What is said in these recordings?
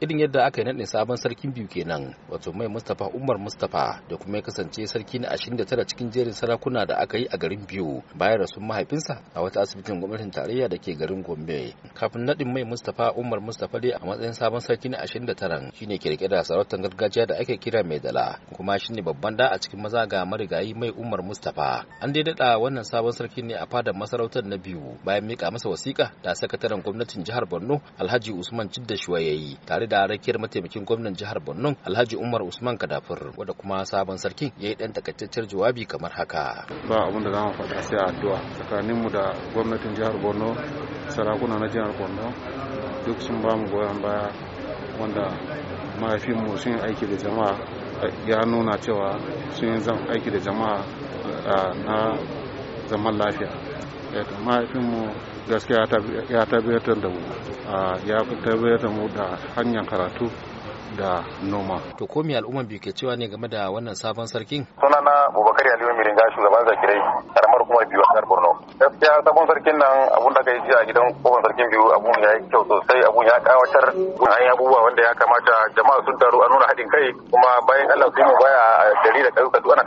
irin yadda aka yi naɗin sabon sarkin biyu kenan wato mai mustapha umar mustapha da kuma ya kasance sarki na tara cikin jerin sarakuna da aka yi a garin biyu bayan rasun mahaifinsa a wata asibitin gwamnatin tarayya da ke garin gombe kafin naɗin mai mustapha umar mustapha dai a matsayin sabon sarki na 29 shine ke rike da sarautar gargajiya da ake kira mai dala kuma shine babban da a cikin maza ga marigayi mai umar mustapha an dai daɗa wannan sabon sarki ne a fadar masarautar na biyu bayan mika masa wasiƙa da sakataren gwamnatin jihar borno alhaji usman cidda shuwa tare tare da rakiyar mataimakin gwamnan jihar Borno Alhaji Umar Usman Kadafur wanda kuma sabon sarkin ya yi dan takaitaccen jawabi kamar haka. Ba abin da zamu faɗa sai addu'a tsakanin mu da gwamnatin jihar Borno sarakuna na jihar Borno duk sun ba mu goyon baya wanda mahaifin mu sun aiki da jama'a ya nuna cewa sun yi aiki da jama'a na zaman lafiya Eh, mahaifinmu gaskiya ya tabbatar da mu ah, ya tabbatar da mu da hanyar karatu da noma. To ko me al'umman biyu ke cewa ne game da wannan sabon sarkin? Sunana Bubakar Aliyu Miringa shugaban zakirai karamar kuma biyu a Borno. Gaskiya sabon sarkin nan abun da kai a gidan kofar sarkin biyu abun ya yi kyau sosai abun ya kawatar an yi abubuwa wanda ya kamata jama'a sun taru a nuna haɗin kai kuma bayan Allah su yi baya a gari da ƙauyuka duk ana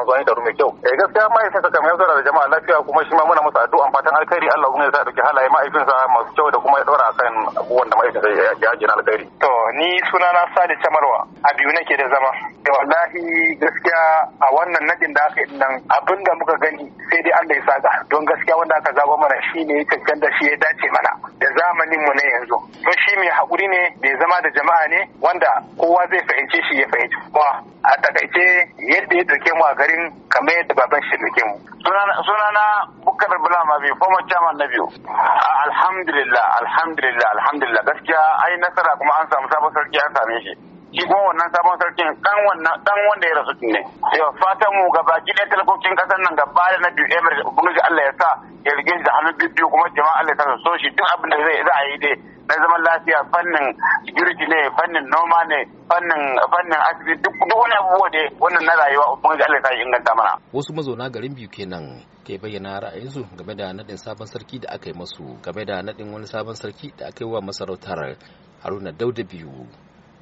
amfani da mai kyau eh gaskiya ma'aikatan saka mai da jama'a lafiya kuma shi ma muna masa addu'an fatan alkhairi Allah ubangiji ya dauki halaye ma'aikinsa masu kyau da kuma ya dora kan abubuwan da ma'aikatan ya ji na alkhairi to ni sunana Sadi Tamarwa a biyu nake da zama wallahi gaskiya a wannan nadin da aka yi nan abin da muka gani sai dai Allah ya saka don gaskiya wanda aka zaba mana shi ne ya cancanta shi ya dace mana da zamanin mu na yanzu don shi mai hakuri ne mai zama da jama'a ne wanda kowa zai fahimce shi ya fahimci kuma a takaice yadda ya dauke mu a kokarin kamar yadda baban shi da mu. Sunana bala ma biyu, former chairman na biyu. Alhamdulillah, alhamdulillah, alhamdulillah. Gaskiya ai nasara kuma an samu sabon sarki an same shi. shi kuma wannan sabon sarkin kan wannan dan wanda ya rasu ne sai fatan mu ga baki ɗaya talakokin kasar nan gaba da na biyu emir ubangiji Allah ya sa ya rige da hannun biyu kuma jama'a Allah ya sa so shi duk abin da zai za a yi dai na zaman lafiya fannin security ne fannin noma ne fannin fannin asibiti duk wani abubuwa da wannan na rayuwa ubangiji Allah ya sa ya inganta mana wasu mazauna garin biyu kenan ke bayyana ra'ayinsu game da nadin sabon sarki da aka yi masu game da nadin wani sabon sarki da aka yi wa masarautar haruna dauda biyu